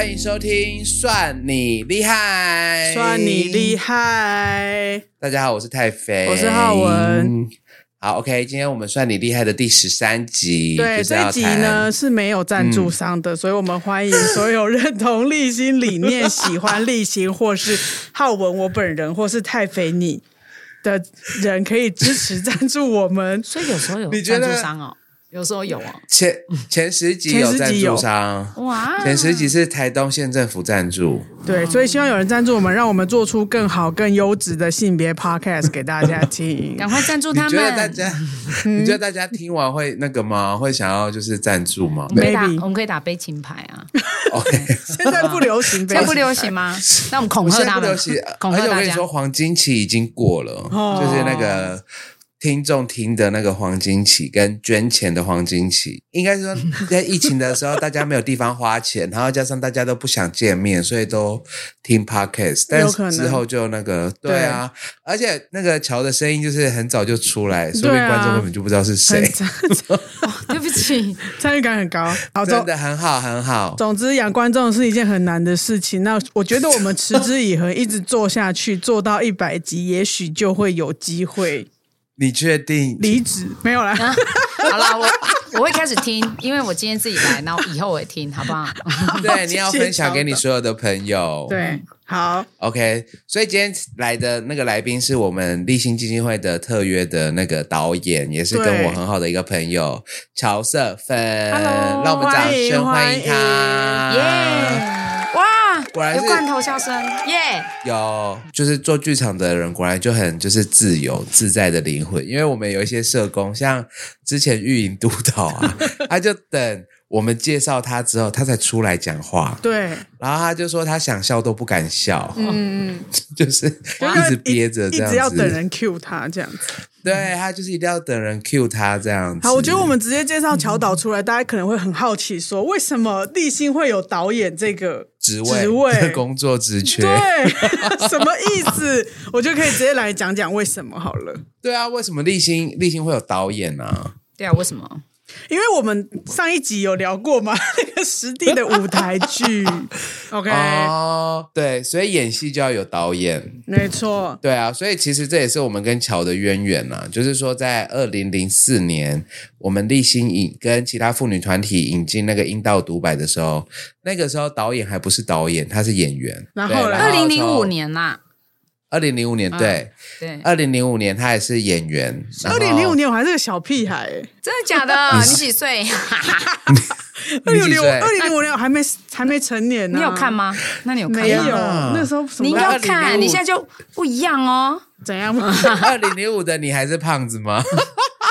歡迎收聽《算你厲害》，算你厲害！大家好，我是太肥，我是浩文。好，OK，今天我們《算你厲害》的第十三集。對，就是、這一集呢是沒有贊助商的、嗯，所以我們歡迎所有認同勵馨理念、喜歡勵馨 或是浩文我本人或是太肥你的人，可以支持贊助我們。所以有時候有贊助商哦。有時候有啊、哦，前前十集有贊助商哇，前十集是台東縣政府贊助，對，所以希望有人贊助我們，讓我們做出更好、更優質的性別 podcast 給大家聽。趕 快贊助他們！你覺得大家、嗯，你覺得大家聽完會那個嗎？會想要就是贊助嗎？沒打，我們可以打悲情牌啊 ！OK，現在不流行，現在不流行嗎？那我們恐嚇他們，不流行恐嚇大家。而且我跟你說，黃金期已經過了，哦、就是那個。聽眾聽的那個黃金期跟捐錢的黃金期，應該是說在疫情的時候，大家沒有地方花錢， 然後加上大家都不想見面，所以都聽 podcast。但是之後就那個對啊,對啊，而且那個喬的聲音就是很早就出來，所以、啊、觀眾根本就不知道是誰。 對不起，參與感很高，好真的很好很好總。總之養觀眾是一件很難的事情。那我覺得我們持之以恆，一直做下去，做到一百集，也許就會有機會。你確定？離職沒有啦、 啊。好啦，我我會開始聽，因為我今天自己來，那後以後我也聽，好不好？好好 對，你要分享給你所有的朋友。對，好，OK。所以今天來的那個來賓是我們勵馨基金會的特約的那個導演，也是跟我很好的一個朋友喬色分。Hello, 讓我們掌聲歡、歡、歡迎他。Yeah 果然有，有罐頭笑聲耶！Yeah! 有，就是做劇場的人果然就很就是自由自在的靈魂。因為我們有一些社工，像之前運營督導、導啊， 他就等我們介紹他之後，他才出來講話。對，然後他就說他想笑都不敢笑，嗯嗯 就是，就是一直憋着這樣子一，一直要等人 cue 他這樣子。對他就是一定要等人 cue 他這樣子。好，我覺得我們直接介紹喬導出來，嗯、大家可能會很好奇說，說為什麼勵馨會有導演這個。職位、工作、職缺，對，什麼意思？ 我就可以直接來講講為什麼好了。對啊，為什麼勵馨勵馨會有導演呢、啊？對啊，為什麼？因為我們上一集有聊過嘛，那個拾蒂的舞台劇。 OK 哦、oh,，對，所以演戲就要有導演，沒錯。對啊，所以其實這也是我們跟喬的淵源吶、啊，就是說在二零零四年，我們勵馨跟其他婦女團體引進那個陰道獨白的時候，那個時候導演還不是導演，他是、啊嗯是嗯、是演員。然後，二零零五年啊。二零零五年，對對，二零零五年他也是演員。二零零五年我還是個小屁孩、欸，真的假的？你幾歲、啊？ 二零零五，二零零五還沒還沒成年呢，啊，你有看嗎？那你有看嗎？沒有，那時候什麼你要看，2005，你現在就不一樣哦，怎樣嗎？二零零五的你還是胖子嗎？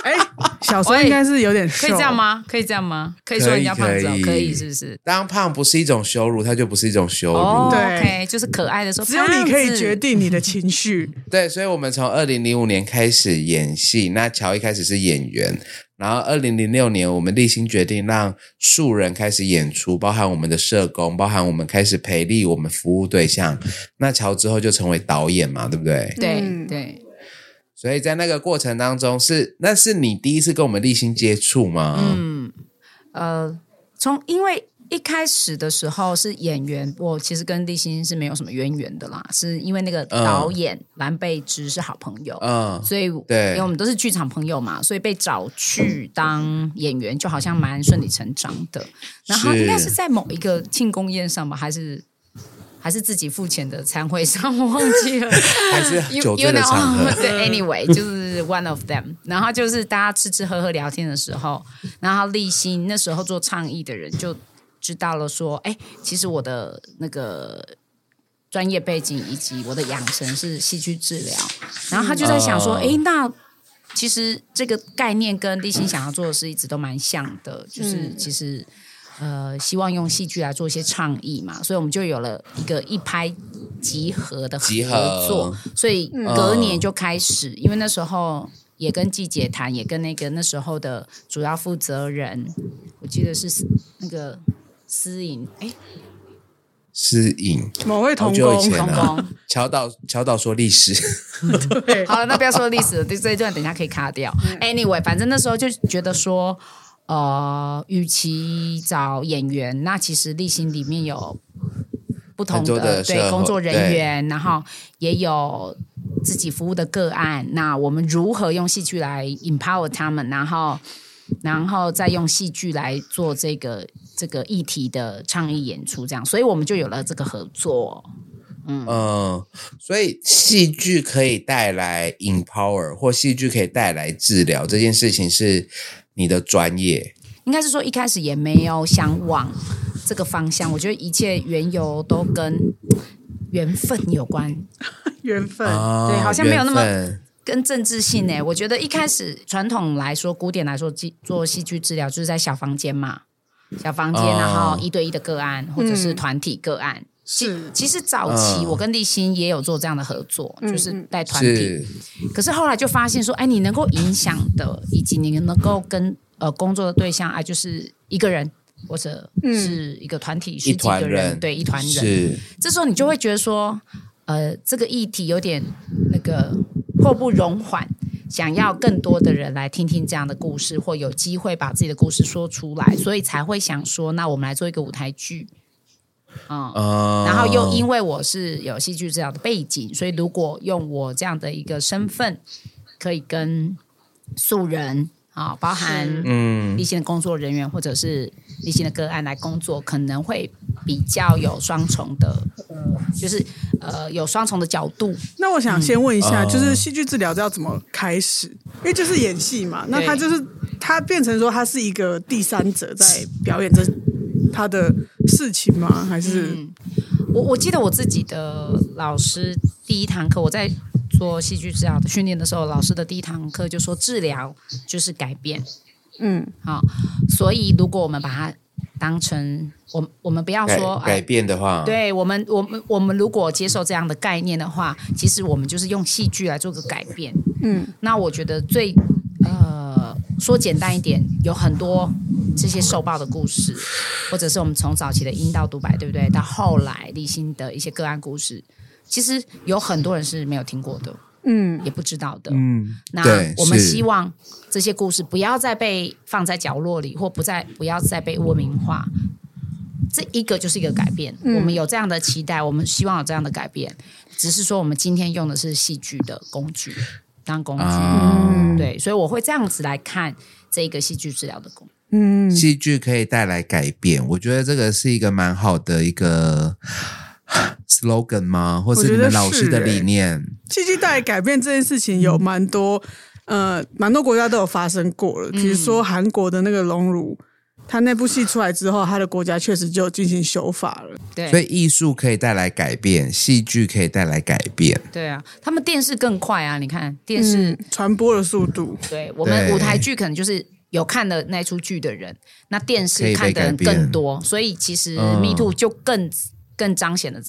哎。 小時候應該是有點瘦，啊，可以這樣嗎？可以這樣嗎？可以說人家胖子，哦，可以，可以，可以是不是？當胖不是一種羞辱，它就不是一種羞辱，對，oh, okay.， 就是可愛的時候。只有你可以決定你的情緒。對，所以我們從二零零五年開始演戲，那喬一開始是演員，然後二零零六年我們勵馨決定讓素人開始演出，包含我們的社工，包含我們開始培力我們服務對象。那喬之後就成為導演嘛，對不對？對、嗯、對。對所以在那個過程當中是，是那是你第一次跟我們勵馨接觸嗎？嗯，呃，從因為一開始的時候是演員，我其實跟勵馨是沒有什麼淵源，源的啦，是因為那個導演藍貝芝是好朋友，嗯，所以對，因為我們都是劇場朋友嘛，所以被找去當演員，就好像蠻順理成章的。然後應該是在某一個慶功宴上吧，還是？還是自己付錢的餐會上，我忘記了，因為因為哦，對，anyway， 就是 one of them。 然後就是大家吃吃喝喝聊天的時候，然後勵馨那時候做倡議的人就知道了，說，哎，其實我的那個專業背景以及我的養成是戲劇治療，然後他就在想說，哎， 那其實這個概念跟勵馨想要做的事一直都蠻像的，就是其實。呃，希望用戲劇來做一些倡議嘛，所以我們就有了一個一拍即合的合作合，所以隔年就開始。嗯、因為那時候也跟季姐談、嗯，也跟那個那時候的主要負責人，我記得是那個思穎。哎、欸，思穎某位同工，啊、同工喬導，喬導說歷史 好了，那不要說歷史了， 所以就這一段等一下可以卡掉。Anyway，反正那時候就覺得說。呃，與其找演員，那其實勵馨裡面有不同的，工的對工作人員，然後也有自己服務的個案。嗯、那我們如何用戲劇來 empower 他們，然後，然後再用戲劇來做這個這個議題的倡議演出，這樣，所以我們就有了這個合作。嗯，嗯所以戲劇可以帶來 empower 或戲劇可以帶來治療，這件事情是。你的專業應該是說，一開始也沒有想往這個方向，我覺得一切緣由都跟緣分有關， 緣分、哦、對，好像沒有那麼跟政治性哎、欸嗯，我覺得一開始傳統來說，古典來說，做戲劇治療就是在小房間嘛，小房間，哦、然後一對一的個案或者是團體個案。嗯是，其實早期我跟勵馨也有做這樣的合作，嗯、就是帶團體。可是後來就發現說，哎，你能夠影響的，以及你能夠跟呃工作的對象啊，就是一個人、嗯，或者是一個團體，十幾個人，一團人，對，一團人。是。這時候你就會覺得說，呃，這個議題有點那個迫不容緩，想要更多的人來聽聽這樣的故事，或有機會把自己的故事說出來，所以才會想說，那我們來做一個舞台劇。嗯，Oh. 然後又因為我是有戲劇治療的背景，所以如果用我這樣的一個身份，可以跟素人啊、哦，包含嗯一線的工作人員或者是一線的個案來工作，可能會比較有雙重的，就是呃有雙重的角度。那我想先問一下，嗯，就是戲劇治療要怎麼開始？因為就是演戲嘛，那他就是他變成說他是一個第三者在表演這。他的事情嗎？還是、嗯、我我記得我自己的老師第一堂課，我在做戲劇治療的訓練的時候，老師的第一堂課就說治療就是改變，嗯，好，所以如果我們把它當成我我們不要說改，改變的話，呃、對我們我們我們如果接受這樣的概念的話，其實我們就是用戲劇來做個改變，嗯，那我覺得最呃說簡單一點，有很多。這些受暴的故事，或者是我們從早期的陰道獨白，對不對？到後來勵馨的一些個案故事，其實有很多人是沒有聽過的，嗯，也不知道的，嗯。那我們希望這些故事不要再被放在角落裡，或不再不要再被污名化。這一個就是一個改變，嗯。我們有這樣的期待，我們希望有這樣的改變。只是說，我們今天用的是戲劇的工具當工具，嗯，對，所以我會這樣子來看這一個戲劇治療的工。嗯，戲劇可以帶來改變，我覺得這個是一個蠻好的一個、啊、slogan 嗎？或是你們老師的理念，戲劇帶來改變這件事情有蠻多、嗯，呃，蠻多國家都有發生過了。比如說韓國的那個《熔爐》，他那部戲出來之後，他的國家確實就進行修法了。對，所以藝術可以帶來改變，戲劇可以帶來改變。對啊，他們電視更快啊！你看電視、嗯、傳播的速度，對我們舞台劇可能就是。有看的那出劇的人，那電視看的人更多，以所以其實 MeToo 就更、嗯、更彰顯了，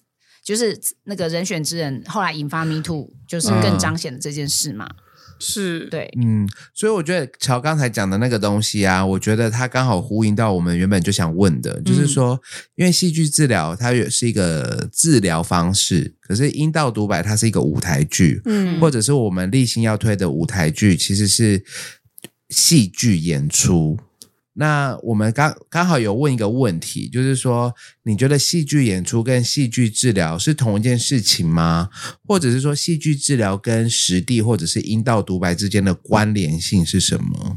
就是那個人選之人後來引發 MeToo 就是更彰顯了這件事嘛、嗯。是，對，嗯，所以我覺得喬剛才講的那個東西啊，我覺得它剛好呼應到我們原本就想問的，嗯、就是說，因為戲劇治療它也是一個治療方式，可是陰道獨白它是一個舞台劇，嗯，或者是我們勵馨要推的舞台劇，其實是。戲劇演出，那我們剛剛好有問一個問題，就是說，你覺得戲劇演出跟戲劇治療是同一件事情嗎？或者是說，戲劇治療跟拾蒂或者是陰道獨白之間的關聯性是什麼？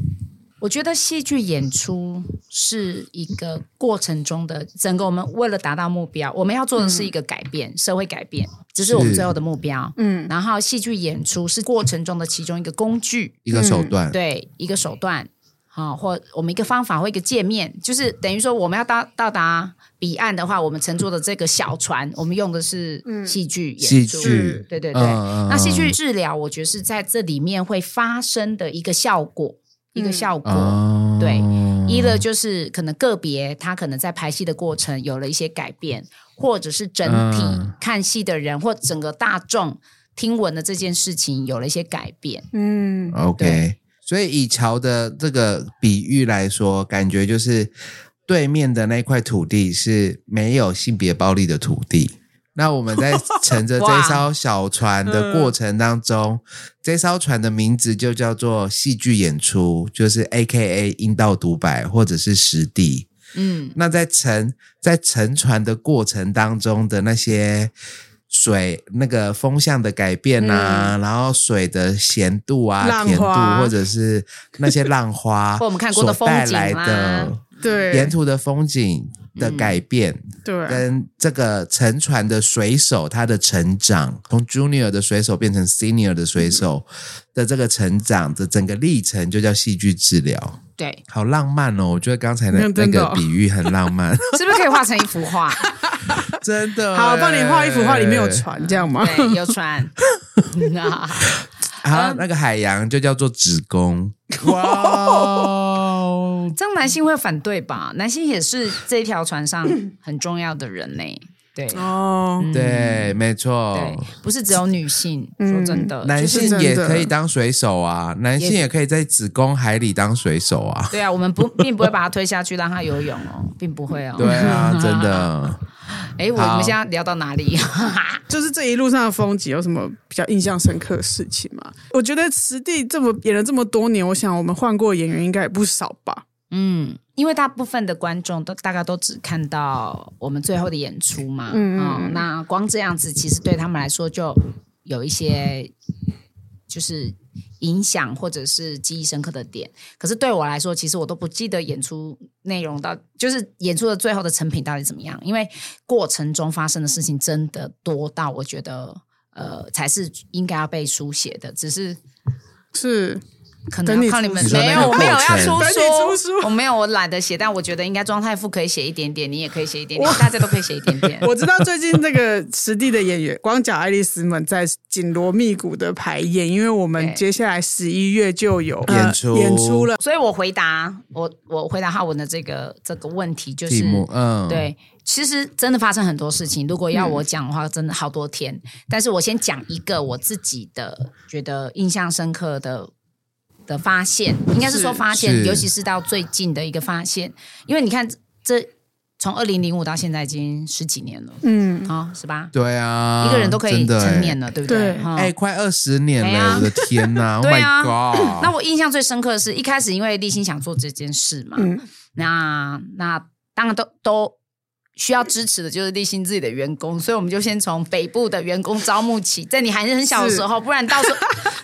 我覺得戲劇演出是一個過程中的整個我們為了達到目標，我們要做的是一個改變，嗯、社會改變，這是我們最後的目標。嗯，然後戲劇演出是過程中的其中一個工具，一個手段，嗯、對，一個手段，好、嗯，或我們一個方法或一個界面，就是等於說我們要到到達彼岸的話，我們乘坐的這個小船，我們用的是戲劇演出，嗯、戲劇對對對、嗯。那戲劇治療，我覺得是在這裡面會發生的一個效果。一個效果、嗯嗯，對，一個就是可能個別他可能在拍戲的過程有了一些改變，或者是整體看戲的人、嗯、或整個大眾聽聞的這件事情有了一些改變。嗯，OK，所以以橋的這個比喻來說，感覺就是對面的那塊土地是沒有性別暴力的土地。 那我們在乘着這艘小船的過程當中、嗯,這艘船的名字就叫做戲劇演出，就是 AKA 陰道獨白或者是拾蒂。嗯,那在乘在乘船的過程當中的那些水、那個風向的改變啊，嗯、然後水的鹹度啊、甜度，或者是那些浪花，所帶來的對沿途的風景。嗯 的改變、嗯，對，跟這個沉船，的水手他的成長，從 junior 的水手變成 senior 的水手的這個成長的整個歷程，就叫戲劇治療。對，好浪漫哦！我覺得剛才的那個比喻很浪漫， 是不是可以畫成一幅畫？ 真的，好，幫你畫一幅畫，裡面有船，這樣嗎？對，有船啊、 No.，那個海洋就叫做子宮。哇、嗯。Wow 這樣男性會反對吧？男性也是這條船上很重要的人呢、欸。對哦、嗯，對，沒錯，對，不是只有女性。說真的，男性也可以當水手啊，男性也可以在子宮海裡當水手啊。對啊，我們不並不會把他推下去讓他游泳哦，並不會哦。對啊，真的。哎， 我，我們現在聊到哪裡？ 就是這一路上的風景有什麼比較印象深刻的事情嗎？我覺得拾蒂這麼演了這麼多年，我想我們換過演員應該也不少吧。嗯，因為大部分的觀眾都大概都只看到我們最後的演出嘛，嗯，哦，那光這樣子其實對他們來說就有一些就是影響或者是記憶深刻的點。可是對我來說，其實我都不記得演出內容到，就是演出的最後的成品到底怎麼樣，因為過程中發生的事情真的多到我覺得，呃，才是應該要被書寫的。只是是。可能靠你們，你沒有，我沒有要說說出書，我沒有，我懶得寫。但我覺得應該莊太傅可以寫一點點，你也可以寫一點點，大家都可以寫一, 一點點。我知道最近這個拾蒂的演員《光腳愛麗絲們》在緊鑼密鼓的排演，因為我們接下來十一月就有、呃、演出，演出了。所以我回答我，我回答浩文的這個這個問題，就是嗯，對，其實真的發生很多事情。如果要我講的話，真的好多天。嗯、但是我先講一個我自己的覺得印象深刻的。的發現應該是說發現，尤其是到最近的一個發現，因為你看這從二零零五到現在已經十幾年了，嗯，好、哦、是吧？對啊，一個人都可以成年了、欸，對不對？哎、欸，快二十年了、啊，我的天哪、啊！ 對啊、oh my God。 那我印象最深刻的是，一開始因為勵馨想做這件事嘛，嗯、那那當然都都。需要支持的就是勵馨自己的員工，所以我們就先從北部的員工招募起。在你還是很小的時候，不然到時候，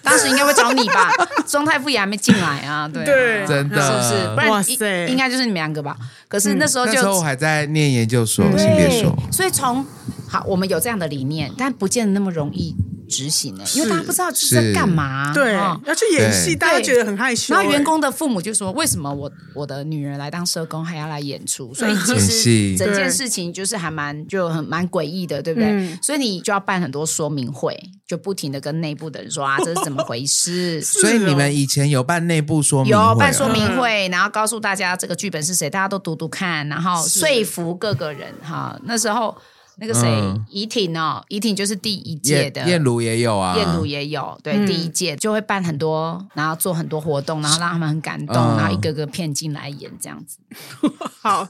當時應該會找你吧？莊太傅也還沒進來啊，對啊，真的，是不是？不然應該就是你們兩個吧？可是那時候就、嗯、那時候我還在念研究所，先別說。所以從，好，我們有這樣的理念，但不見得那麼容易。執行呢、欸？因為大家不知道這是在幹嘛，對、哦，要去演戲，大家覺得很害羞、欸。然後員工的父母就說：“為什麼我我的女兒來當社工還要來演出？”所以其實整件事情就是還蠻就很蠻詭異的，對不對、嗯？所以你就要辦很多說明會，就不停的跟內部的人說啊，這是怎麼回事、 哦？所以你們以前有辦內部說明會、啊、有辦說明會、嗯，然後告訴大家這個劇本是誰，大家都讀讀看，然後說服各個人哈、啊。那時候。那個誰、嗯，怡婷哦，怡婷就是第一屆的，燕，燕如也有啊，燕如也有，對，嗯、第一屆就會辦很多，然後做很多活動，然後讓他們很感動，嗯、然後一個個騙進來演這樣子，呵呵好，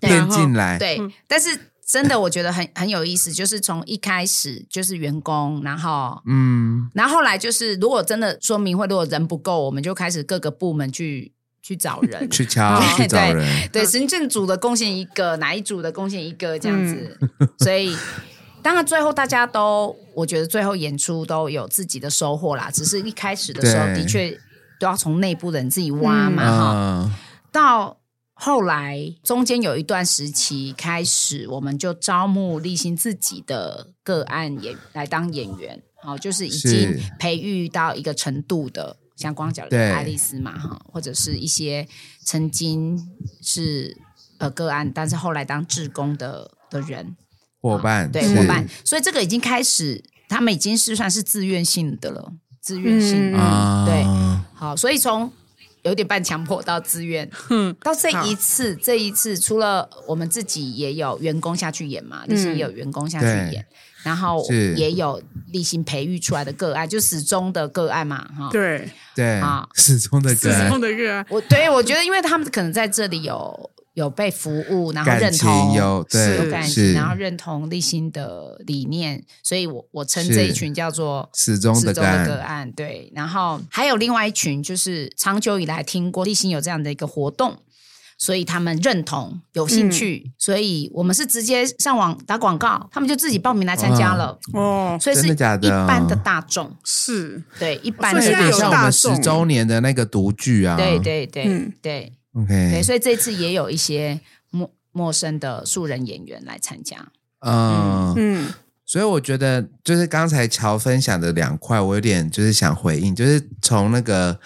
騙 進來，對、嗯，但是真的我覺得很很有意思，就是從一開始就是員工，然後嗯，然後，後來就是如果真的說明會，如果人不夠，我們就開始各個部門去。去找人，去，去找對對，對，行政組的貢獻一個，哪一組的貢獻一個，這樣子、嗯。所以，當然最後大家都，我覺得最後演出都有自己的收穫啦。只是一開始的時候，的確都要從內部的人自己挖嘛哈、嗯哦。到後來中間有一段時期開始，我們就招募勵馨自己的個案演來當演員，好、哦，就是已經培育到一個程度的。像光腳的愛麗絲嘛，哈，或者是一些曾經是呃個案，但是後來當志工的的人夥伴、啊，對夥伴，所以這個已經開始，他們已經是算是自願性的了，自願性、嗯，對、啊，好，所以從有點半強迫到自願，嗯，到這一次，這一次除了我們自己也有員工下去演嘛，嗯，就是、也是有員工下去演。然後也有勵馨培育出來的個案，就始終的個案嘛，哈。對對啊，始終的始終的個案，我對我覺得，因為他們可能在這裡有有被服務，然後認同有對有感情，然後認同勵馨的理念，所以我我稱這一群叫做始終始終的個案。對，然後還有另外一群，就是長久以來聽過勵馨有這樣的一個活動。所以他們認同、有興趣、嗯，所以我們是直接上網打廣告，他們就自己報名來參加了。哦，所以是一般的大眾，是、哦、對一般的大眾。所以有點像我們十周年的那個讀劇啊。嗯、對對對對，OK、嗯。所以這次也有一些陌陌生的素人演員來參加。嗯嗯，嗯，所以我覺得就是剛才喬分享的兩塊，我有點就是想回應，就是從那個。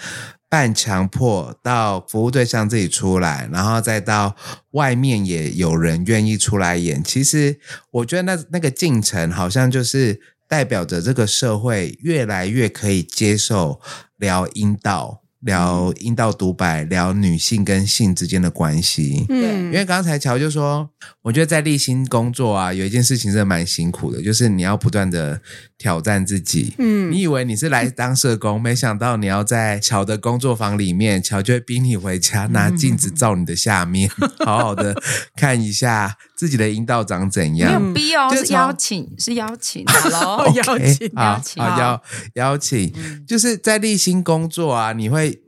半強迫到服務對象自己出來，然後再到外面也有人願意出來演。其實我覺得那那個進程好像就是代表着這個社會越來越可以接受聊陰道、聊陰道獨白、聊女性跟性之間的關係。嗯，因為剛才喬就說，我覺得在勵馨工作啊，有一件事情是蠻辛苦的，就是你要不斷的。挑戰自己，嗯，你以為你是來當社工，嗯、沒想到你要在喬的工作房裡面，喬就會逼你回家拿鏡子照你的下面、嗯，好好的看一下自己的陰道長怎樣。沒有逼哦、就是，是邀請，是邀請，好嘍 Okay, 邀請，邀請，邀邀請，就是在勵馨工作啊，你會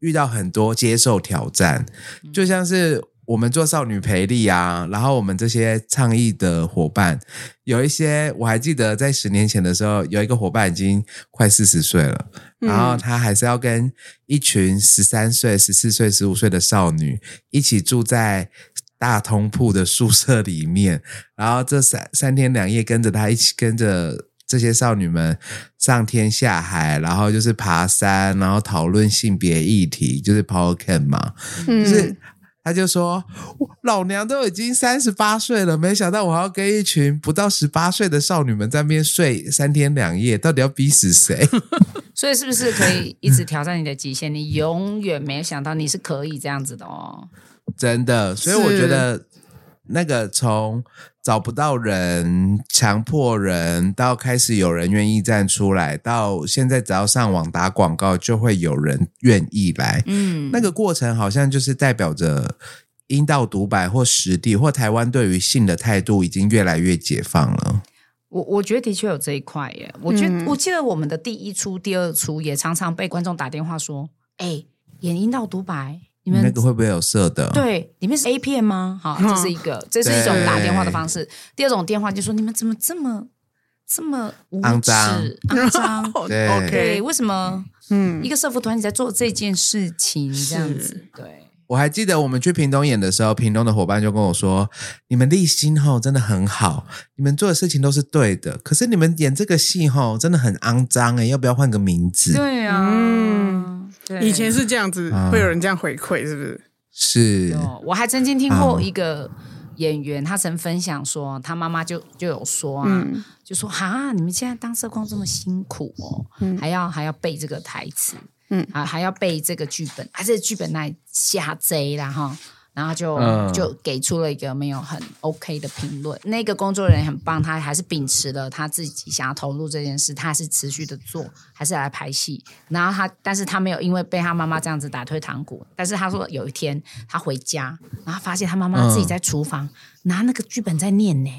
遇到很多接受挑戰，就像是。我們做少女培力啊，然後我們這些倡議的夥伴，有一些我還記得，在十年前的時候，有一個夥伴已經快四十歲了、嗯，然後他還是要跟一群十三歲、十四歲、十五歲的少女一起住在大通鋪的宿舍裡面，然後這三三天兩夜跟着他一起，跟着這些少女們上天下海，然後就是爬山，然後討論性別議題，就是 Power Camp 嘛、嗯，就是。他就說：“老娘都已經三十八歲了，沒想到我還要跟一群不到十八歲的少女們在那邊睡三天兩夜，到底要逼死誰？” 所以是不是可以一直挑戰你的極限？ 你永遠沒想到你是可以這樣子的哦，真的。所以我覺得那個從，找不到人，強迫人，到開始有人願意站出來，到現在只要上網打廣告，就會有人願意來。嗯，那個過程好像就是代表着陰道獨白或拾蒂或台灣對於性的態度已經越來越解放了。我我覺得的確有這一塊耶。我覺得、嗯、我記得我們的第一出、第二出也常常被觀眾打電話說：“哎、欸，演陰道獨白。”你們那個會不會有色的？對，裡面是 A 片嗎？好、啊，這是一個，這是一種打電話的方式。第二種電話就是說：你們怎麼這麼這麼骯髒？骯髒？ 對，okay, 為什麼？嗯，一個社福團體在做這件事情，這樣子。對，我還記得我們去屏東演的時候，屏東的夥伴就跟我說：你們勵馨吼真的很好，你們做的事情都是對的。可是你們演這個戲吼真的很骯髒哎，要不要換個名字？對呀、啊。嗯以前是這樣子，嗯、會有人這樣回饋，是不是？是。哦，我還曾經聽過一個演員，嗯、演員他曾分享說，他媽媽就就有說啊，嗯、就說哈，你們現在當社工這麼辛苦哦，嗯、還要還要背這個台詞，嗯啊，還要背這個劇本，啊，這個劇本來瞎賊啦哈。然後就、嗯、就給出了一個沒有很 OK 的評論。那個工作人員很棒，他還是秉持了他自己想要投入這件事，他還是持續的做，還是來拍戲。然後他，但是他沒有因為被他媽媽這樣子打退堂鼓。但是他說有一天他回家，然後發現他媽媽自己在廚房、嗯、拿那個劇本在念呢。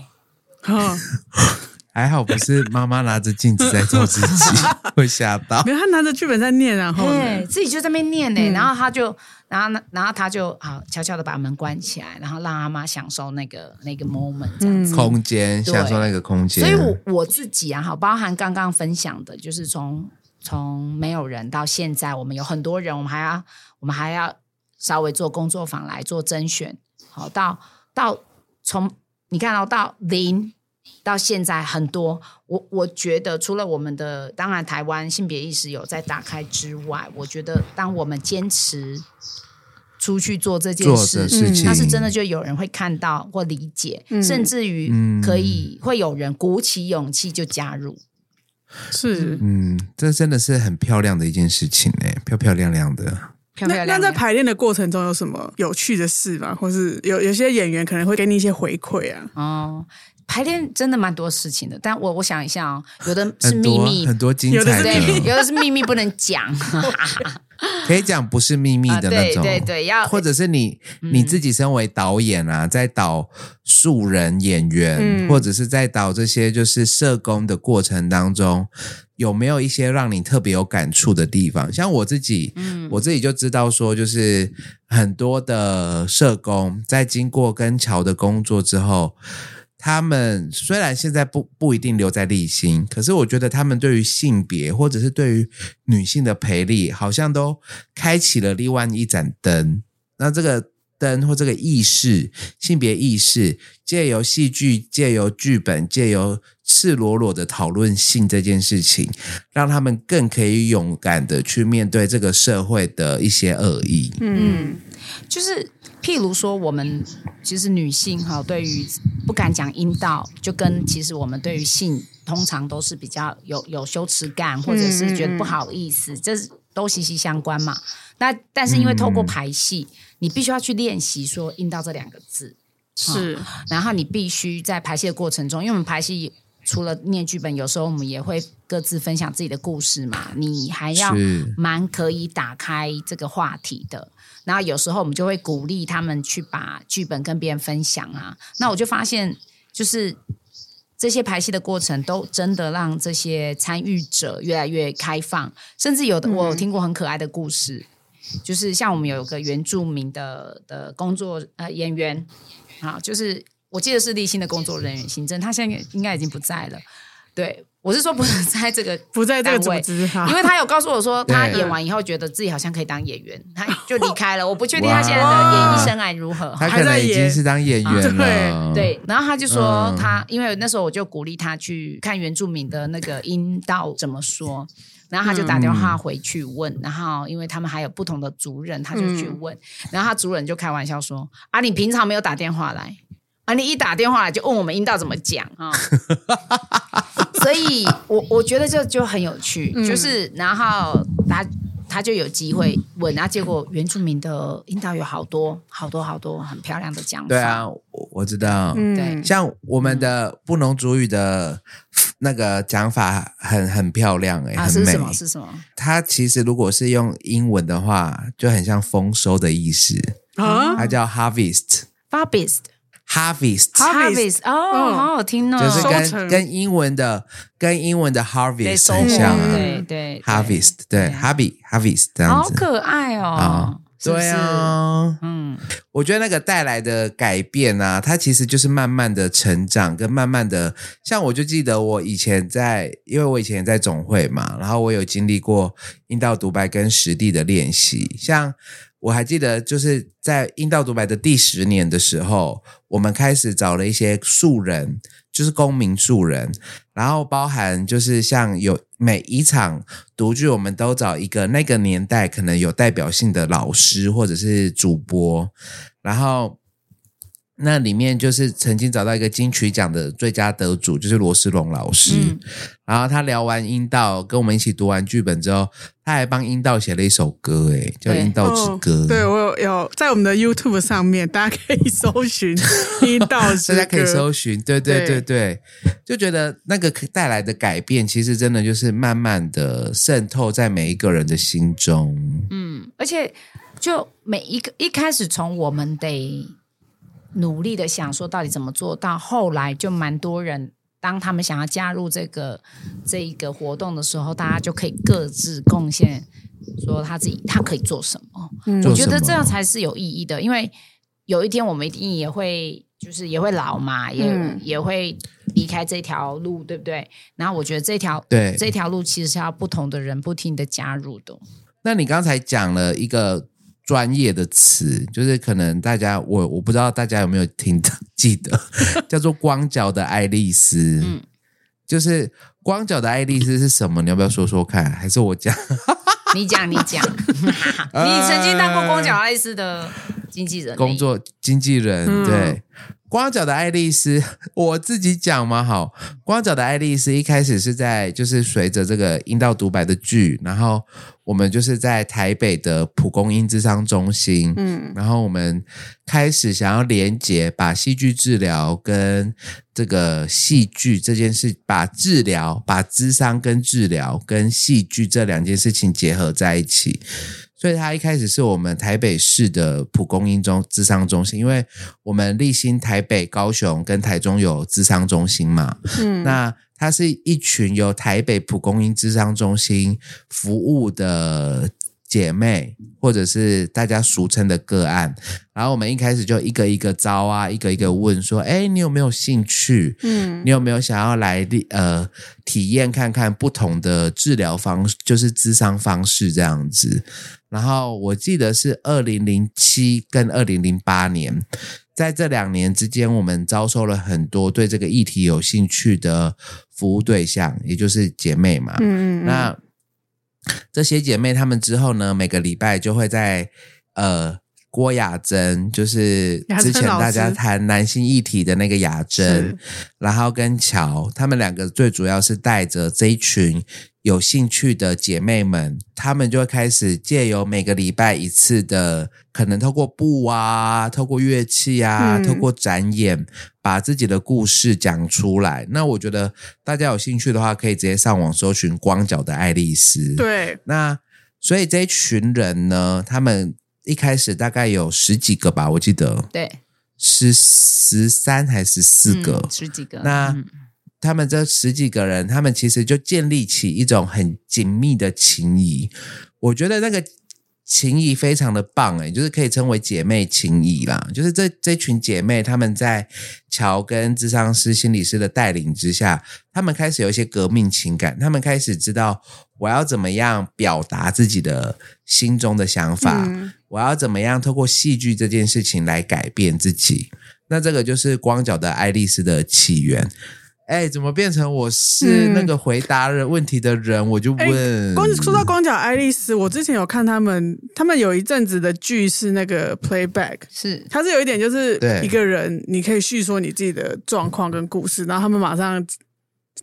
嗯、哦， 還好不是媽媽拿着鏡子在照自己 會嚇到。沒有，他拿着劇本在念，然後對，自己就在那邊念呢、嗯，然後他就。然後呢？然後他就好悄悄的把門關起來，然後讓阿媽享受那個那個 moment 這樣子，嗯、空間享受那個空間。所以我，我我自己啊，好包含剛剛分享的，就是從從沒有人到現在，我們有很多人，我們還要我們還要稍微做工作坊來做甄選，好到到從你看到、哦、到零。到現在很多，我我覺得除了我們的，當然台灣性別意識有在打開之外，我覺得當我們堅持出去做這件事，那是真的就有人會看到或理解，嗯、甚至於可以、嗯、可以會有人鼓起勇氣就加入。是，嗯，這真的是很漂亮的一件事情呢、欸，漂漂亮亮的。那那在排練的過程中有什麼有趣的事嗎？或是有有些演員可能會給你一些回饋啊？哦。排練真的蠻多事情的，但我我想一下哦，有的是秘密，很多，很多精彩的，有的， 有的是秘密不能講， 可以講不是秘密的那種，啊、對對對，要或者是你、嗯、你自己身為導演啊，在導素人演員、嗯，或者是在導這些就是社工的過程當中，有沒有一些讓你特別有感觸的地方？像我自己，嗯、我自己就知道說，就是很多的社工在經過跟喬的工作之後。他們雖然現在不不一定留在勵馨，可是我覺得他們對於性別或者是對於女性的培力，好像都開啟了另外一盞燈。那這個燈或這個意識，性別意識，借由戲劇，借由劇本，借由赤裸裸的討論性這件事情，讓他們更可以勇敢的去面對這個社會的一些惡意。嗯。就是，譬如說，我們其實女性哈，對於不敢講陰道，就跟其實我們對於性，通常都是比較有有羞恥感，或者是覺得不好意思，嗯、這都息息相關嘛。那但是因為透過排戲、嗯，你必須要去練習說“陰道”這兩個字、嗯，是，然後你必須在排戲的過程中，因為我們排戲。除了念劇本，有時候我們也會各自分享自己的故事嘛。你還要蠻可以打開這個話題的。然後有時候我們就會鼓勵他們去把劇本跟別人分享啊。那我就發現，就是這些排戲的過程都真的讓這些參與者越來越開放。甚至有的我有聽過很可愛的故事，嗯、就是像我們有一個原住民的的工作呃演員啊，就是。我記得是勵馨的工作人員行政，他現在應該已經不在了。對我是說，不是在這個不在這個位置哈，因為他有告訴我說，他演完以後覺得自己好像可以當演員，他就離開了。我不確定他現在的演藝生涯如何，他可能已經是當演員了，啊對。對，然後他就說他，因為那時候我就鼓勵他去看原住民的那個陰道怎麼說，然後他就打電話回去問，然後因為他們還有不同的族人，他就去問，然後他族人就開玩笑說：“啊，你平常沒有打電話來。”啊！你一打電話就問我們陰道怎麼講啊？哦、 所以我，我我覺得這就很有趣，嗯、就是然後他他就有機會問啊，嗯、然後結果原住民的陰道有好多好多好多很漂亮的講法。對啊，我知道。對、嗯，像我們的布農族語的那個講法很很漂亮哎、欸啊，很美。是什麼？是什麼？它其實如果是用英文的話，就很像豐收的意思啊，它叫 harvest，harvest。harvest Harvest，harvest，harvest, 哦、嗯，好好聽哦。就是跟跟英文的跟英文的 harvest 很像啊，對，對，對，harvest，對，hobby，harvest hobby、啊、這樣子。好可愛哦！是是對啊是是，嗯，我覺得那個帶來的改變啊，它其實就是慢慢的成長，跟慢慢的，像我就記得我以前在，因為我以前也在總會嘛，然後我有經歷過陰道獨白跟拾蒂的練習，像。我還記得，就是在《陰道獨白》的第十年的時候，我們開始找了一些素人，就是公民素人，然後包含就是像有每一場讀劇，我們都找一個那個年代可能有代表性的老師或者是主播，然後。那裡面就是曾經找到一個金曲獎的最佳得主，就是羅思容老師、嗯。然後他聊完陰道，跟我們一起讀完劇本之後，他還幫陰道寫了一首歌、欸，誒叫《陰道之歌》哦。對我有，有在我們的 YouTube 上面，大家可以搜尋《陰道之歌》，大家可以搜尋。對對對對，對，就覺得那個帶來的改變，其實真的就是慢慢的滲透在每一個人的心中。嗯，而且就每一個一開始從我們得。努力的想說到底怎麼做到，後來就蠻多人，當他們想要加入這個這一個活動的時候，大家就可以各自貢獻，說他自己他可以做什麼。嗯。我覺得這樣才是有意義的，因為有一天我們一定也會，就是也會老嘛，也、嗯、也會離開這條路，對不對？然後我覺得這條對這條路其實是要不同的人不停的加入的。那你剛才講了一個。專業的詞就是可能大家，我我不知道大家有沒有聽的記得，叫做光腳的愛麗絲，嗯， 就是光腳的愛麗絲是什麼？你要不要說說看？還是我講 你講你講， 你曾經當過光腳愛麗絲的經紀人？工作經紀人對。嗯哦。光腳的愛麗絲，我自己講嘛，好。光腳的愛麗絲一開始是在就是隨着這個陰道獨白的劇，然後我們就是在台北的蒲公英諮商中心，嗯，然後我們開始想要聯結，把戲劇治療跟這個戲劇這件事，嗯、把治療、把諮商跟治療跟戲劇這兩件事情結合在一起。所以，他一開始是我們台北市的蒲公英中諮商中心，因為我們勵馨、台北、高雄跟台中有諮商中心嘛。嗯。那他是一群由台北蒲公英諮商中心服務的。姐妹，或者是大家俗稱的個案，然後我們一開始就一個一個招啊，一個一個問，說：“哎、欸，你有沒有興趣？嗯，你有沒有想要來呃體驗看看不同的治療方，就是諮商方式這樣子？”然後我記得是二零零七跟二零零八年，在這兩年之間，我們招收了很多對這個議題有興趣的服務對象，也就是姐妹嘛。嗯嗯嗯。那這些姐妹，她們之後呢，每個禮拜就會在呃。郭雅珍，就是之前大家談男性議題的那個雅珍，然後跟喬他們兩個，最主要是帶着這一群有興趣的姐妹們，他們就會開始借由每個禮拜一次的，可能透過布啊，透過樂器啊、嗯，透過展演，把自己的故事講出來。那我覺得大家有興趣的話，可以直接上網搜尋《光腳的愛麗絲》。對，那所以這一群人呢，他們。一開始大概有十幾個吧，我記得，對，十十三還是十四個、嗯，十幾個。那、嗯、他們這十幾個人，他們其實就建立起一種很緊密的情誼。我覺得那個，情誼非常的棒哎、欸，就是可以稱為姐妹情誼啦。就是這這群姐妹，她們在喬跟諮商師、心理師的帶領之下，她們開始有一些革命情感。她們開始知道我要怎麼樣表達自己的心中的想法，嗯、我要怎麼樣透過戲劇這件事情來改變自己。那這個就是光腳的愛麗絲的起源。哎，怎麼變成我是那個回答人問題的人？嗯、我就問。光說到光腳 愛麗絲，我之前有看他們，他們有一陣子的劇是那個 Playback，是，他是有一點就是一個人，你可以敘說你自己的狀況跟故事，然後他們馬上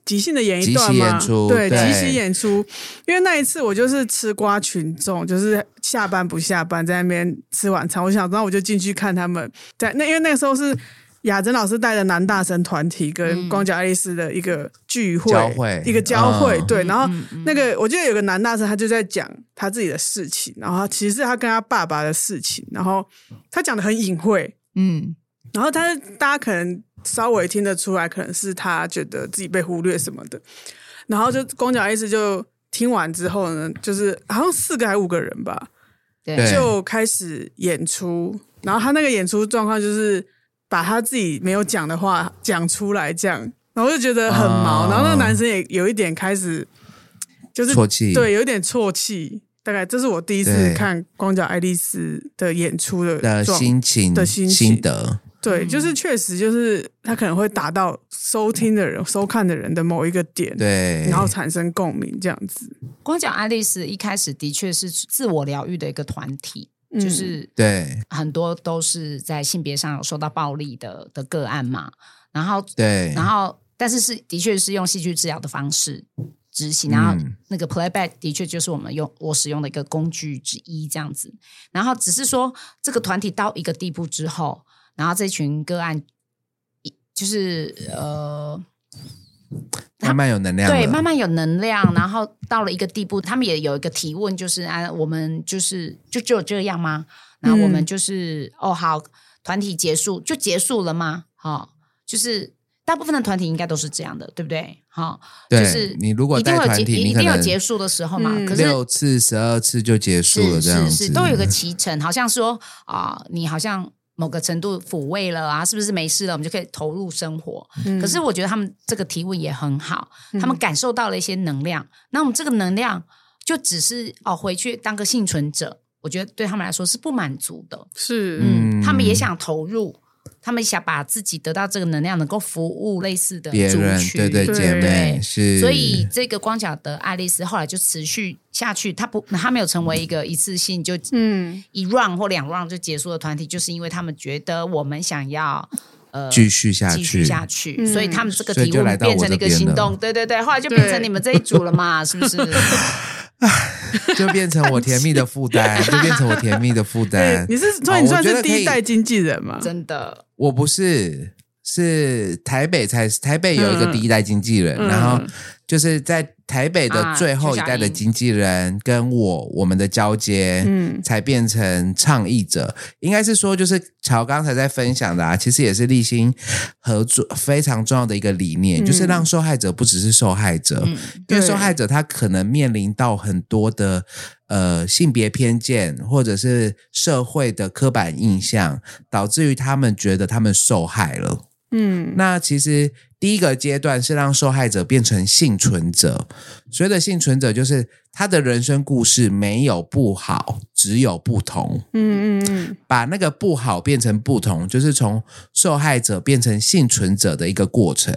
即興的演一段嘛，對，即興演出。因為那一次我就是吃瓜群眾，就是下班不下班在那邊吃晚餐，我想，然後我就進去看他們在那，因為那個時候是。雅真老師帶的男大生團體跟光腳愛麗絲的一個聚會，嗯、一個交會，嗯、一個交會，嗯，對。然後那個我記得有個男大生，他就在講他自己的事情，然後其實是他跟他爸爸的事情，然後他講的很隱晦，嗯。然後他大家可能稍微聽得出來，可能是他覺得自己被忽略什麼的。然後就光腳愛麗絲就聽完之後呢，就是好像四個還五個人吧，對，就開始演出。然後他那個演出狀況就是。把他自己沒有講的話講出來，這樣，然後就覺得很毛，哦。然後那個男生也有一點開始，就是對，有一點啜泣。大概這是我第一次看光腳愛麗絲的演出的狀的心情，的心情，心得。對，就是確實，就是他可能會達到收聽的人，嗯，收看的人的某一個點，對，然後產生共鳴這樣子。光腳愛麗絲一開始的確是自我療癒的一個團體。嗯，就是對很多都是在性別上有受到暴力的的個案嘛，然後對，然後但是是的確是用戲劇治療的方式執行，嗯，然後那個 playback 的確就是我們用我使用的一個工具之一這樣子，然後只是說這個團體到一個地步之後，然後這群個案一就是呃。慢慢有能量，對，慢慢有能量，然後到了一個地步，他們也有一個提問，就是啊，我們就是就只有這樣嗎？那我們就是、嗯、哦，好，團體結束就結束了嗎？好、哦，就是大部分的團體應該都是這樣的，對不對？好、哦，就是你如果團體一定有團體，一定有結束的時候嘛。嗯、可是六次、十二次就結束了，是這樣子，是是是，都有個期程， 好像說啊、呃，你好像。某個程度撫慰了啊，是不是沒事了？我們就可以投入生活。嗯，可是我覺得他們這個提問也很好，嗯，他們感受到了一些能量。那我們這個能量就只是哦，回去當個倖存者，我覺得對他們來說是不滿足的。是，嗯，他們也想投入。嗯。他們想把自己得到這個能量，能夠服務類似的族群。對對對,對,對,對，所以這個光腳的愛麗絲後來就持續下去，他不，他沒有成為一個一次性就嗯一 round 或兩 round 就結束的團體，就是因為他們覺得我們想要呃繼續下去，下去、嗯。所以他們這個題目變成了一個行動，對對對，後來就變成你們這一組了嘛，是不是？ 就變成我甜蜜的負擔， 就變成我甜蜜的負擔、 欸。你是算、哦，你算是第一代經紀人嗎？真的，我不是，是台北才，台北有一個第一代經紀人、嗯，然後。嗯就是在台北的最後一代的經紀人跟我我們的交接，嗯，才變成倡議者。嗯、應該是說，就是喬剛才在分享的，啊，其實也是勵馨合作非常重要的一個理念、嗯，就是讓受害者不只是受害者，嗯、對，因為受害者他可能面臨到很多的，呃，性別偏見，或者是社會的刻板印象，導致於他們覺得他們受害了。嗯，那其實第一個階段是讓受害者變成幸存者，所謂的幸存者就是。他的人生故事沒有不好，只有不同。嗯嗯嗯，把那個不好變成不同，就是從受害者變成倖存者的一個過程。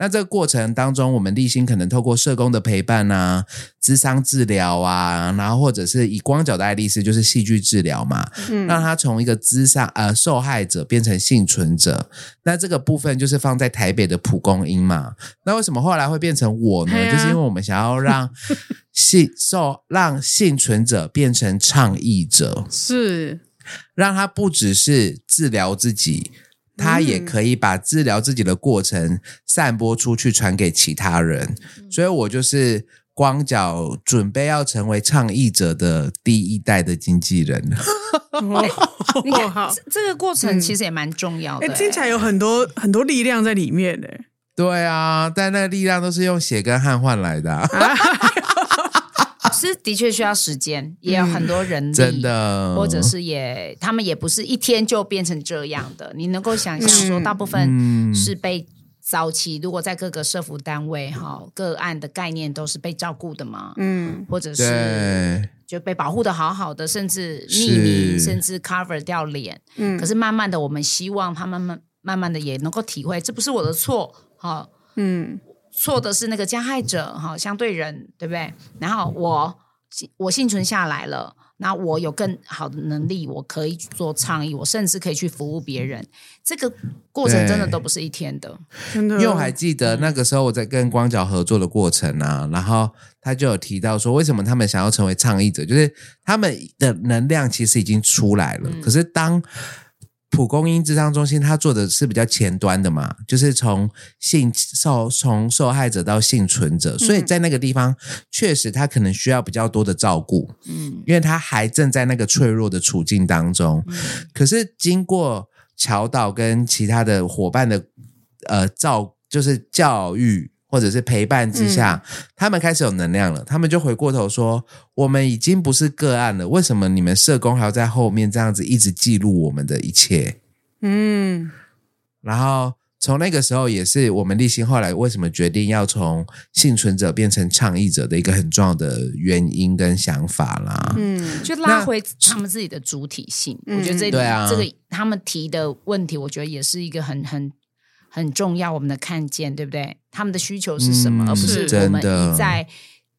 那這個過程當中，我們勵馨可能透過社工的陪伴啊、諮商治療啊，然後或者是以光腳的愛麗絲，就是戲劇治療嘛，嗯、讓他從一個諮商呃受害者變成倖存者。那這個部分就是放在台北的蒲公英嘛。那為什麼後來會變成我呢？啊、就是因為我們想要讓。 幸受讓倖存者變成倡議者，是讓他不只是治療自己，他也可以把治療自己的過程散播出去，傳給其他人。所以我就是光腳準備要成為倡議者的第一代的經紀人。 欸、這個過程其實也蠻重要的、欸，聽起來有很多很多力量在裡面呢、欸。對啊，但那個力量都是用血跟汗換來的。啊 是的確需要時間，也有很多人、嗯、真的，或者是也，他們也不是一天就變成這樣的。你能夠想象、嗯、說，大部分是被早期、嗯、如果在各個社福單位哈個案的概念都是被照顧的嘛，嗯，或者是就被保護的好好的，甚至秘密，甚至 cover 掉臉。嗯、可是慢慢的，我們希望他們慢慢慢慢的也能夠體會，這不是我的錯，哈，嗯。錯的是那個加害者哈，相對人對不對？然後我我幸存下來了，那我有更好的能力，我可以去做倡議，我甚至可以去服務別人。這個過程真的都不是一天的。真的，因為我還記得那個時候我在跟光腳合作的過程啊、嗯，然後他就有提到說，為什麼他們想要成為倡議者，就是他們的能量其實已經出來了，嗯、可是當。蒲公英諮商中心，他做的是比較前端的嘛，就是從性受從受害者到幸存者，所以在那個地方確實他可能需要比較多的照顧，嗯，因為他還正在那個脆弱的處境當中。可是經過喬導跟其他的夥伴的呃照，就是教育。或者是陪伴之下、嗯，他們開始有能量了，他們就回過頭說：“我們已經不是個案了，為什麼你們社工還要在後面這樣子一直記錄我們的一切？”嗯，然後從那個時候也是我們勵馨後來為什麼決定要從幸存者變成倡議者的一個很重要的原因跟想法啦。嗯，就拉回他們自己的主體性。嗯、我覺得這，對啊，這個他們提的問題，我覺得也是一個很很。很重要，我們的看見，對不對？他們的需求是什麼？嗯、而不是我們一再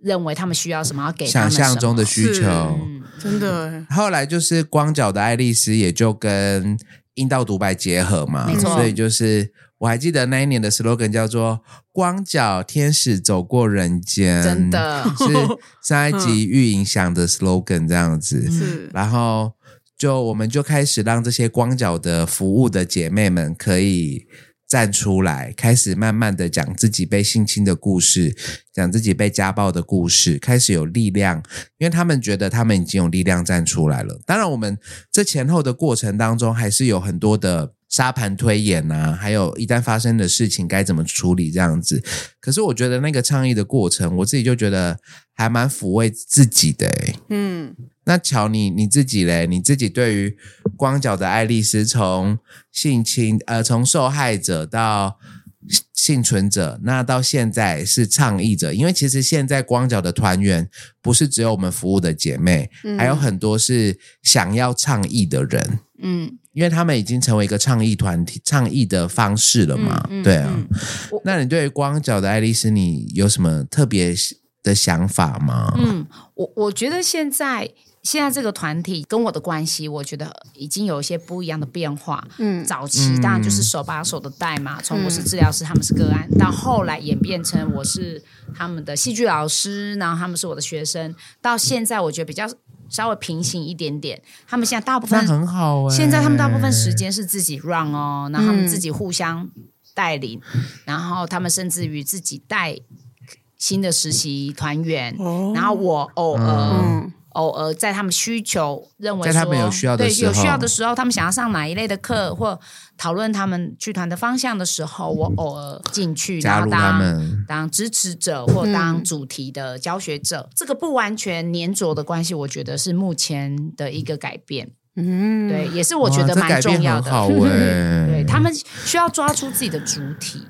認為他們需要什麼，要給他們想象中的需求。嗯、真的，後來就是光腳的愛麗絲也就跟陰道獨白結合嘛，所以就是我還記得那一年的 slogan 叫做“光腳天使走過人間”，真的，是上一集預影響的 slogan 這樣子、嗯。然後就我們就開始讓這些光腳的服務的姐妹們可以站出來，開始慢慢的講自己被性侵的故事，講自己被家暴的故事，開始有力量，因為他們覺得他們已經有力量站出來了。當然，我們這前後的過程當中，還是有很多的沙盤推演啊，還有一旦發生的事情該怎麼處理這樣子。可是，我覺得那個倡議的過程，我自己就覺得還蠻撫慰自己的欸。嗯。那喬，你你自己嘞？你自己對於光腳的愛麗絲，從性侵呃，從受害者到倖存者，那到現在是倡議者。因為其實現在光腳的團員不是只有我們服務的姐妹，嗯，還有很多是想要倡議的人。嗯，因為他們已經成為一個倡議團體，倡議的方式了嘛。嗯嗯、對啊。那你對於光腳的愛麗絲，你有什麼特別的想法嗎？嗯，我我覺得現在。現在這個團體跟我的關係，我覺得已經有一些不一樣的變化。嗯，早期當然就是手把手的帶嘛，嗯、從我是治療師，他們是個案、嗯，到後來演變成我是他們的戲劇老師，然後他們是我的學生，到現在我覺得比較稍微平行一點點。他們現在大部分很好、欸，現在他們大部分時間是自己 run 哦，嗯、然後他們自己互相帶領、嗯，然後他們甚至於自己帶新的實習團員，哦、然後我偶爾、嗯。嗯偶爾在他們需求認為說，在他們有需要的時候，對有需要的時候，他們想要上哪一類的課，或討論他們劇團的方向的時候，我偶爾進去當加入他們，當支持者或當主題的教學者。嗯，這個不完全粘着的關係，我覺得是目前的一個改變。嗯，對，也是我覺得蠻重要的。好 對他們需要抓出自己的主體。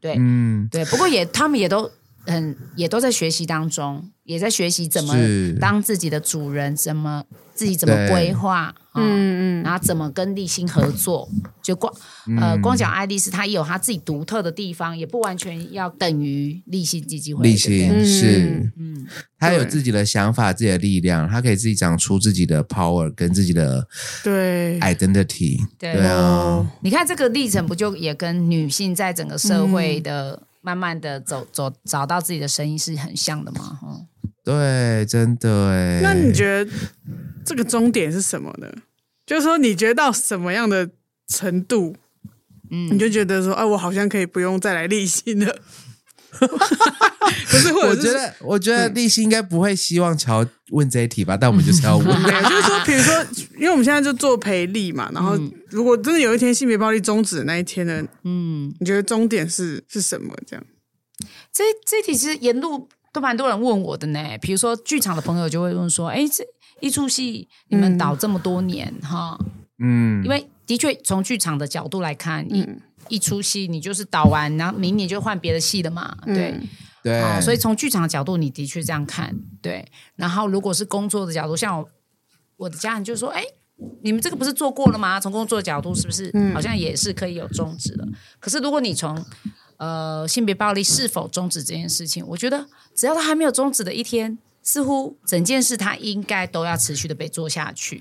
對，嗯，對。不過也，他們也都很也都在學習當中。也在學習怎麼當自己的主人，怎麼自己怎麼規劃，嗯、哦、嗯，然後怎麼跟勵馨合作，就光、嗯、呃光講愛麗絲，她也有她自己獨特的地方，也不完全要等於勵馨基金會。勵馨對對、嗯、是，嗯，她、嗯、有自己的想法，自己的力量，她可以自己長出自己的 power 跟自己的 identity, 對 identity，對,對啊，你看這個歷程不就也跟女性在整個社會的、嗯。慢慢的走走，找到自己的聲音是很像的嗎？哈、嗯，對，真的哎。那你覺得這個終點是什麼呢？就是說，你覺得到什麼樣的程度，嗯，你就覺得說，哎、啊，我好像可以不用再來勵馨了。 可是、就是，我覺得，我覺得勵馨應該不會希望喬問這一題吧？但我們就是要問。 就是說，比如說，因為我們現在就做培力嘛。然後、嗯，如果真的有一天性別暴力終止那一天呢？嗯，你覺得終點是是什麼？這樣？這這一題其實沿路都蠻多人問我的呢。比如說，劇場的朋友就會問說：“哎，這一出戲你們導這麼多年，哈、嗯，嗯，因為的確從劇場的角度來看，嗯嗯一齣戲你就是導完，然後明年就換別的戲了嘛，嗯、對對，所以從劇場的角度，你的確這樣看，對。然後如果是工作的角度，像我我的家人就說：“哎、欸，你們這個不是做過了嗎？”從工作的角度，是不是好像也是可以有終止的、嗯？可是如果你從呃性別暴力是否終止這件事情、嗯，我覺得只要他還沒有終止的一天，似乎整件事他應該都要持續的被做下去。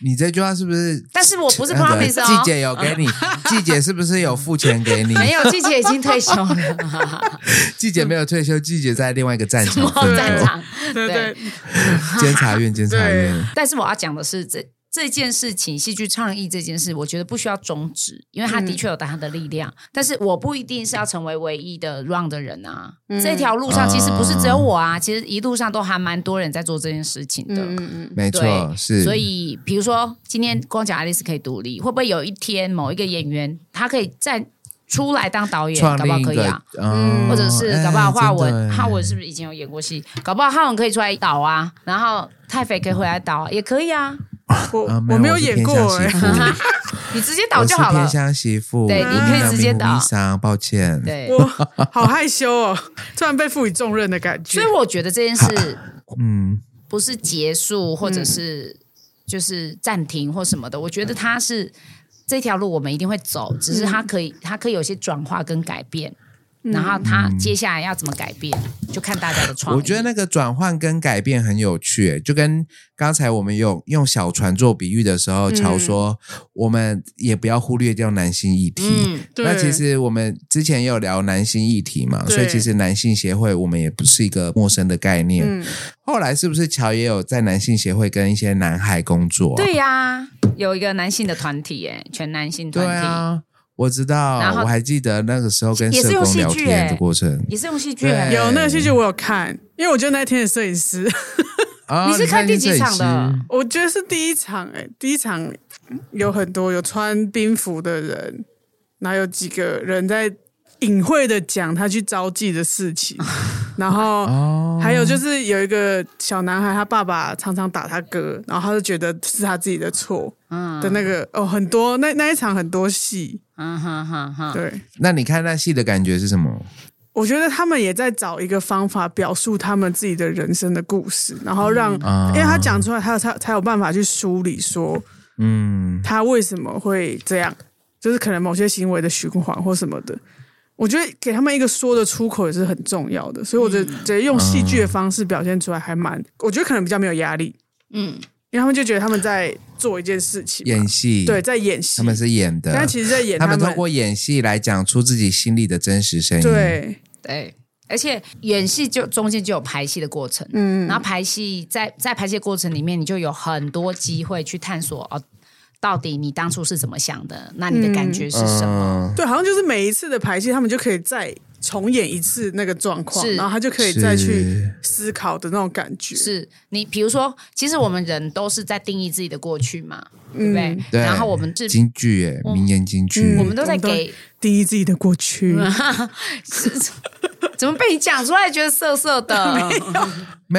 你這句話是不是？但是我不是怕你說 m 季姐有給你， 季姐是不是有付錢給你？沒、哎、有，季姐已經退休了。 季姐沒有退休， 季姐在另外一個戰場、啊。對對對，監察院監察院、啊啊。但是我要講的是這。這件事情，戲劇倡議這件事，我覺得不需要終止，因為他的確有他的力量、嗯。但是我不一定是要成為唯一的 run 的人啊。嗯、這條路上其實不是只有我啊、嗯，其實一路上都還蠻多人在做這件事情的。嗯嗯，沒錯，是。所以比如說今天光講 Alice 可以獨立，會不會有一天某一個演員他可以再出來當導演？搞不好可以啊。嗯。或者是搞不好浩文，哈、欸、文是不是已經有演過戲？搞不好浩文可以出來導啊。然後太肥可以回來導、啊、也可以啊。我、啊、沒我沒有演過而已， 你直接導就好了。天香媳婦， 對，你可以直接導。導。抱歉，對，我好害羞哦， 突然被賦予重任的感覺。所以我覺得這件事，嗯，不是結束，或者是就是暫停或什麼的。嗯、我覺得它是這條路，我們一定會走，只是它可以、嗯、它可以有些轉化跟改變。然後他接下來要怎麼改變、嗯，就看大家的創意。我覺得那個轉換跟改變很有趣，就跟剛才我們用用小船做比喻的時候、嗯，喬說我們也不要忽略掉男性議題。嗯、那其實我們之前也有聊男性議題嘛，所以其實男性協會我們也不是一個陌生的概念、嗯。後來是不是喬也有在男性協會跟一些男孩工作？對呀、啊，有一個男性的團體，耶，全男性團體。對啊。我知道，我還記得那個時候跟社工聊天的過程，也是用戲劇、欸欸。有那個戲劇我有看，因為我覺得那天的攝影師。嗯、 你是看第幾場的？我覺得是第一場、欸，誒，第一場有很多有穿兵服的人，然後有幾個人在，隱晦的講他去召妓的事情， 然後還有就是有一個小男孩，他爸爸常常打他哥，然後他就覺得是他自己的錯。嗯， 的那個哦，很多那那一場很多戲，哈哈哈。對，那你看那戲的感覺是什麼？我覺得他們也在找一個方法，表述他們自己的人生的故事，然後讓， 因為他講出來他，他才才有辦法去梳理說，嗯，他為什麼會這樣？就是可能某些行為的循環或什麼的。我覺得給他們一個說的出口也是很重要的，所以我覺得直接用戲劇的方式表現出來還蠻，嗯、我覺得可能比較沒有壓力。嗯，因為他們就覺得他們在做一件事情，演戲，對，在演戲，他們是演的，但其實，在演他，他們通過演戲來講出自己心裡的真實聲音。對對，而且演戲就中間就有排戲的過程，嗯，然後排戲在在排戲的過程裡面，你就有很多機會去探索、哦到底你當初是怎麼想的？那你的感覺是什麼？嗯呃、對，好像就是每一次的排戲，他們就可以再。重演一次那個狀況，然後他就可以再去思考的那種感覺。是你比如說，其實我們人都是在定義自己的過去嘛，嗯、對不對，對？然後我們金句耶、嗯，名言金句，嗯、我們都在給、嗯、都定義自己的過去、嗯啊。怎麼被你講出來覺得色色的 沒？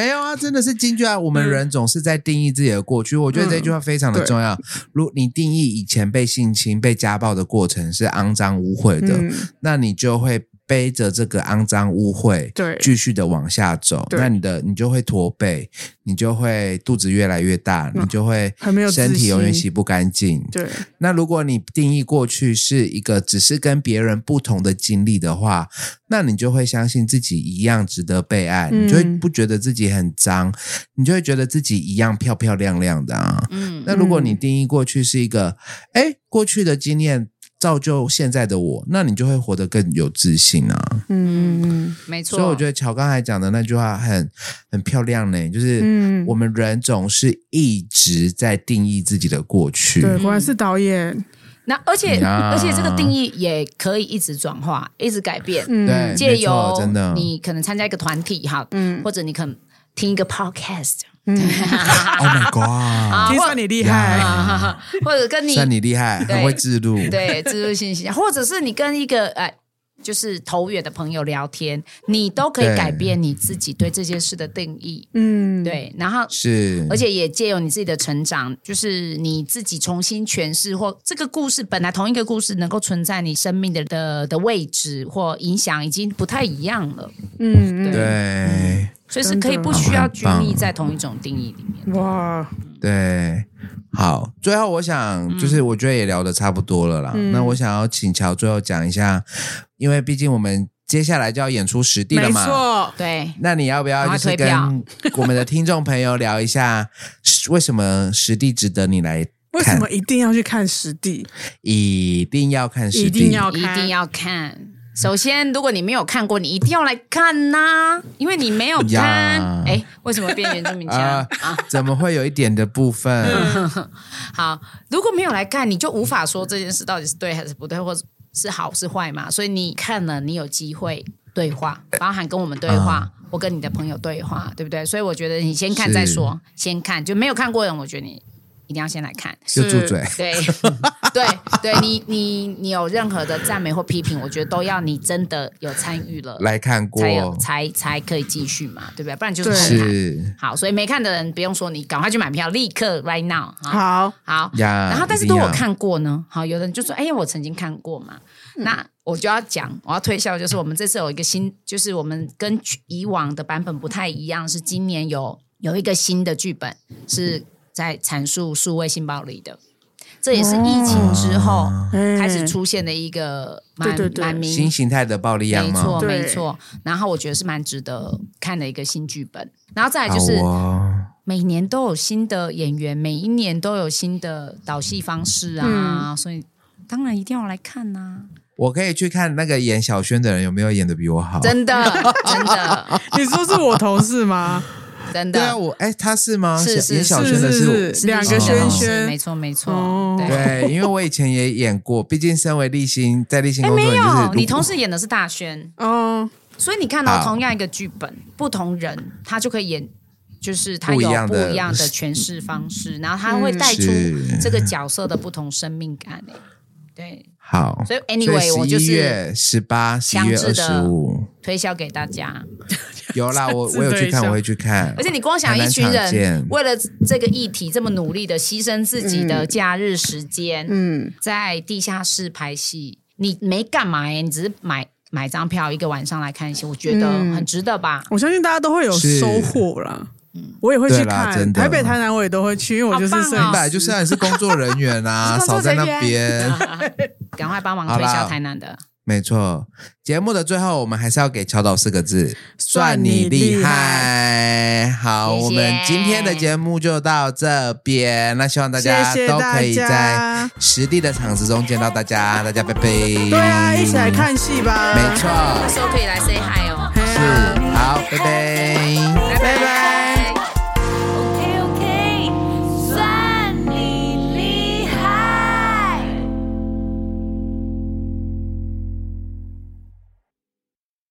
沒有，啊，真的是金句啊！我們人總是在定義自己的過去，嗯、我覺得這句話非常的重要。嗯、如果你定義以前被性侵、被家暴的過程是骯髒污穢的、嗯，那你就會。背着這個骯髒污穢，對，繼續的往下走，那你的你就會駝背，你就會肚子越來越大，哦、你就會身體永遠洗不乾淨。對，那如果你定義過去是一個只是跟別人不同的經歷的話，那你就會相信自己一樣值得被愛、嗯，你就會不覺得自己很髒，你就會覺得自己一樣漂漂亮亮的啊。嗯，那如果你定義過去是一個，哎、嗯，過去的經驗。造就現在的我，那你就會活得更有自信啊！嗯，沒錯。所以我覺得喬剛才講的那句話很很漂亮呢、欸，就是我們人總是一直在定義自己的過去。對，果然是導演。那而且、嗯、而且這個定義也可以一直轉化，一直改變。嗯，借由。真的。你可能參加一個團體哈，嗯，或者你可能。聽一個 podcast，哦、嗯 oh，My God！說、啊、你厲害、欸啊，或者跟你算你厲害，你會自錄，對，自錄信息，或者是你跟一個、呃、就是投緣的朋友聊天，你都可以改變你自己對這件事的定義，嗯，對，然後是，而且也借由你自己的成長，就是你自己重新詮釋或這個故事本來同一個故事能夠存在你生命的的的位置或影響已經不太一樣了，嗯，嗯對，對。所以是可以不需要拘泥在同一種定義裡面。哇，對，好，最後我想就是我覺得也聊得差不多了啦、嗯。那我想要請喬最後講一下，因為畢竟我們接下來就要演出拾蒂了嘛。沒錯，對。那你要不要就是跟我們的聽眾朋友聊一下，為什麼拾蒂值得你來看？為什麼一定要去看拾蒂？一定要看拾蒂，一定要看。一定要看。首先，如果你沒有看過，你一定要來看吶、啊，因為你沒有看，哎、欸，為什麼變原住民腔啊？怎麼會有一點的部分、嗯？好，如果沒有來看，你就無法說這件事到底是對還是不對，或是是好是壞嘛。所以你看了，你有機會對話，包含跟我們對話、呃，我跟你的朋友對話，對不對？所以我覺得你先看再說，先看就沒有看過人，我覺得你。一定要先來看，就住嘴。對 對對，你你你有任何的讚美或批評，我覺得都要你真的有參與了來看過，才有才才可以繼續嘛，對不對？不然就是，是好。所以沒看的人不用說，你趕快去買票，立刻 right now 好。好，好，yeah, 然後但是都有看過呢。Yeah. 好，有的人就說：“哎、欸、呀，我曾經看過嘛。”那我就要講，我要推銷，就是我們這次有一個新，就是我們跟以往的版本不太一樣，是今年有有一個新的劇本是。在闡述數位性暴力的，這也是疫情之後、哦、開始出現的一個蠻、嗯、對對對蠻名新形態的暴力樣，沒錯沒錯。然後我覺得是蠻值得看的一個新劇本。然後再來就是、哦、每年都有新的演員，每一年都有新的導戲方式啊、嗯，所以當然一定要來看吶、啊。我可以去看那個演小萱的人有沒有演得比我好，真的真的？ 你說是，是我同事嗎？真的，我哎，他是嗎？是是，是，是。是，是，是兩個軒軒、哦，沒錯沒錯。哦、對， 因為我以前也演過，畢竟身為勵馨，在勵馨沒有，你同時演的是大軒，嗯，所以你看到同樣一個劇本，不同人他就可以演，就是他有不一樣的詮釋方式，然後他會帶出這個角色的不同生命感、欸嗯、對。好，so、anyway, 所以 anyway，我就是十一月十八，十一月二十五推銷給大家。 有啦，我我有去看，我會去看。而且你光想一群人為了這個議題、嗯、這麼努力的犧牲自己的假日時間、嗯，嗯，在地下室拍戲，你沒幹嘛哎、欸，你只是買買張票，一個晚上來看戲，我覺得很值得吧、嗯。我相信大家都會有收穫啦。我也會去看、啊、台北、台南，我也都會去，因為我就是明白、啊、就現在是工作人員啊， 員少在那邊、 啊，趕快幫忙推銷台南的。哦、沒錯，節目的最後，我們還是要給喬導四個字，算你厲害。厲害，好，謝謝，我們今天的節目就到這邊，那希望大家，謝謝大家都可以在拾蒂的場子中見到大家， 大家拜拜。對啊，一起來看戲吧。沒錯，到時候可以來 say hi 哦。是、啊是啊嗯，好、嗯，拜拜。